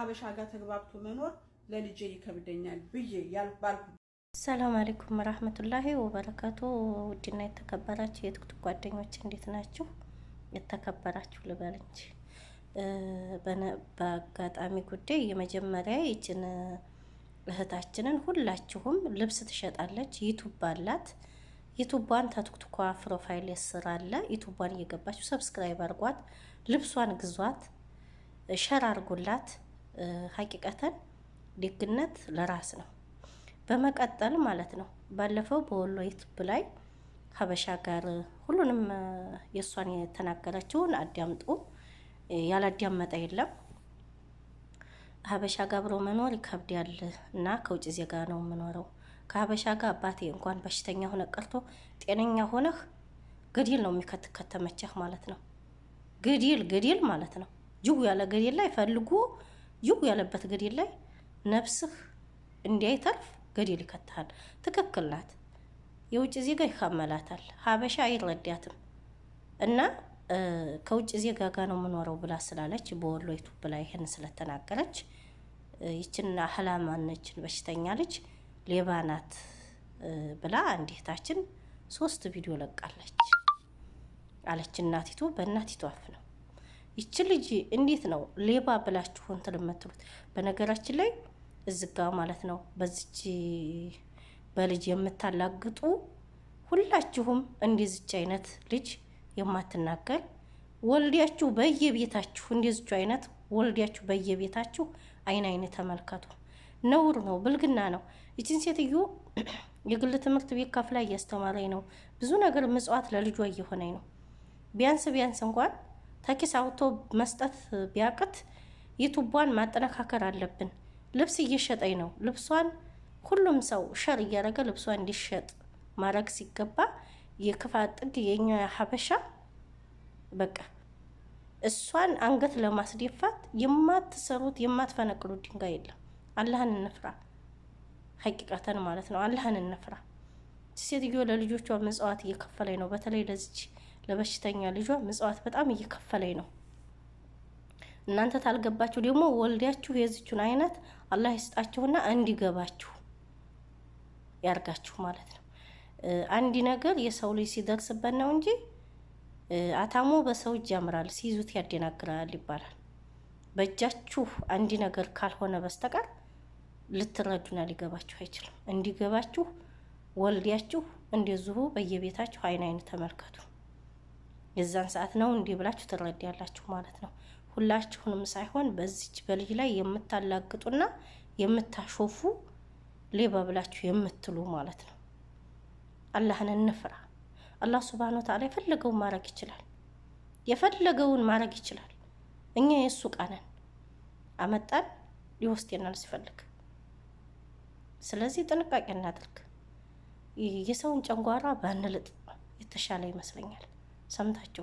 ከሀበሻ ጋር ተግባብቶ መኖር ለልጄ ይከብደኛል ብዬ ባልኩ። ሰላም አለይኩም ረህመቱላሂ ወበረከቱ። ውድና የተከበራችሁ የትኩት ጓደኞች እንዴት ናችሁ? የተከበራችሁ ልበል እንጂ በአጋጣሚ ጉዳይ የመጀመሪያ ይችን እህታችንን ሁላችሁም ልብስ ትሸጣለች፣ ዩቱብ አላት። ዩቱቧን ተቱክቱኳ ፕሮፋይል ስራ አለ። ዩቱቧን እየገባችሁ ሰብስክራይብ አርጓት፣ ልብሷን ግዟት፣ ሸር አርጉላት። ሀቂቀተን ደግነት ለራስ ነው። በመቀጠል ማለት ነው ባለፈው በወሎ ዩቱብ ላይ ሀበሻ ጋር ሁሉንም የእሷን የተናገረችውን አዳምጡ፣ ያላዳመጠ የለም። ሀበሻ ጋር አብሮ መኖር ይከብዳል እና ከውጭ ዜጋ ነው የምኖረው። ከሀበሻ ጋር አባቴ እንኳን በሽተኛ ሆነ ቀርቶ ጤነኛ ሆነህ ግዲል ነው የሚከትከተመቸህ ማለት ነው። ግዲል ግዲል ማለት ነው። ጅቡ ያለ ግዲል ላይ ፈልጉ ይሁ ያለበት ገደል ላይ ነፍስህ እንዳይተርፍ ገደል ይከትሃል። ትክክል ናት። የውጭ ዜጋ ይካመላታል። ሀበሻ አይረዳትም እና ከውጭ ዜጋ ጋር ነው የምኖረው ብላ ስላለች በወሎ ዩቱብ ላይ ይህን ስለተናገረች ይችን አህላማነችን በሽተኛ ልጅ ሌባ ናት ብላ እንዴታችን ሶስት ቪዲዮ ለቃለች አለች። እናቲቱ በእናቲቱ አፍ ነው ይች ልጅ እንዴት ነው ሌባ ብላችሁ እንትን የምትሉት? በነገራችን ላይ እዝጋ ማለት ነው በዚች በልጅ የምታላግጡ ሁላችሁም እንደዚች አይነት ልጅ የማትናገር ወልዲያችሁ በየቤታችሁ እንደዚቹ አይነት ወልዲያችሁ በየቤታችሁ አይን አይን ተመልከቱ። ነውር ነው፣ ብልግና ነው። ይችን ሴትዮ የግል ትምህርት ቤት ከፍላ እያስተማረኝ ነው። ብዙ ነገር ምጽዋት ለልጇ እየሆነኝ ነው። ቢያንስ ቢያንስ እንኳን ተኪስ አውቶ መስጠት ቢያቅት የቱቧን ማጠነካከር አለብን። ልብስ እየሸጠኝ ነው። ልብሷን ሁሉም ሰው ሸር እያደረገ ልብሷን እንዲሸጥ ማድረግ ሲገባ የክፋት ጥግ የኛ ሀበሻ በቃ እሷን አንገት ለማስደፋት የማትሰሩት የማትፈነቅሉት ድንጋይ የለም። አላህን እንፍራ፣ ሀቂቃተን ማለት ነው። አላህን እንፍራ። ሴትዮ ለልጆቿ መጽዋት እየከፈለኝ ነው። በተለይ ለዚች ለበሽተኛ ልጇ ምጽዋት በጣም እየከፈለኝ ነው። እናንተ ታልገባችሁ ደግሞ ወልዳችሁ የዚችን አይነት አላህ ይስጣችሁና እንዲገባችሁ ያርጋችሁ ማለት ነው። አንድ ነገር የሰው ልጅ ሲደርስበት ነው እንጂ አታሞ በሰው እጅ ያምራል፣ ሲይዙት ያደናግራል ይባላል። በእጃችሁ አንድ ነገር ካልሆነ በስተቀር ልትረዱና ሊገባችሁ አይችልም። እንዲገባችሁ ወልዲያችሁ እንደዚሁ በየቤታችሁ አይን አይን ተመልከቱ። የዛን ሰዓት ነው እንዲህ ብላችሁ ትረዳላችሁ ማለት ነው። ሁላችሁንም ሳይሆን በዚች በልጅ ላይ የምታላግጡና የምታሾፉ ሌባ ብላችሁ የምትሉ ማለት ነው። አላህን እንፍራ። አላህ ሱብሃነ ወተዓላ የፈለገውን ማድረግ ይችላል። የፈለገውን ማድረግ ይችላል። እኛ የእሱ ቃነን አመጣን ሊወስደናል ሲፈልግ። ስለዚህ ጥንቃቄ እናድርግ። የሰውን ጨንጓራ ባንልጥ የተሻለ ይመስለኛል። 心态的聚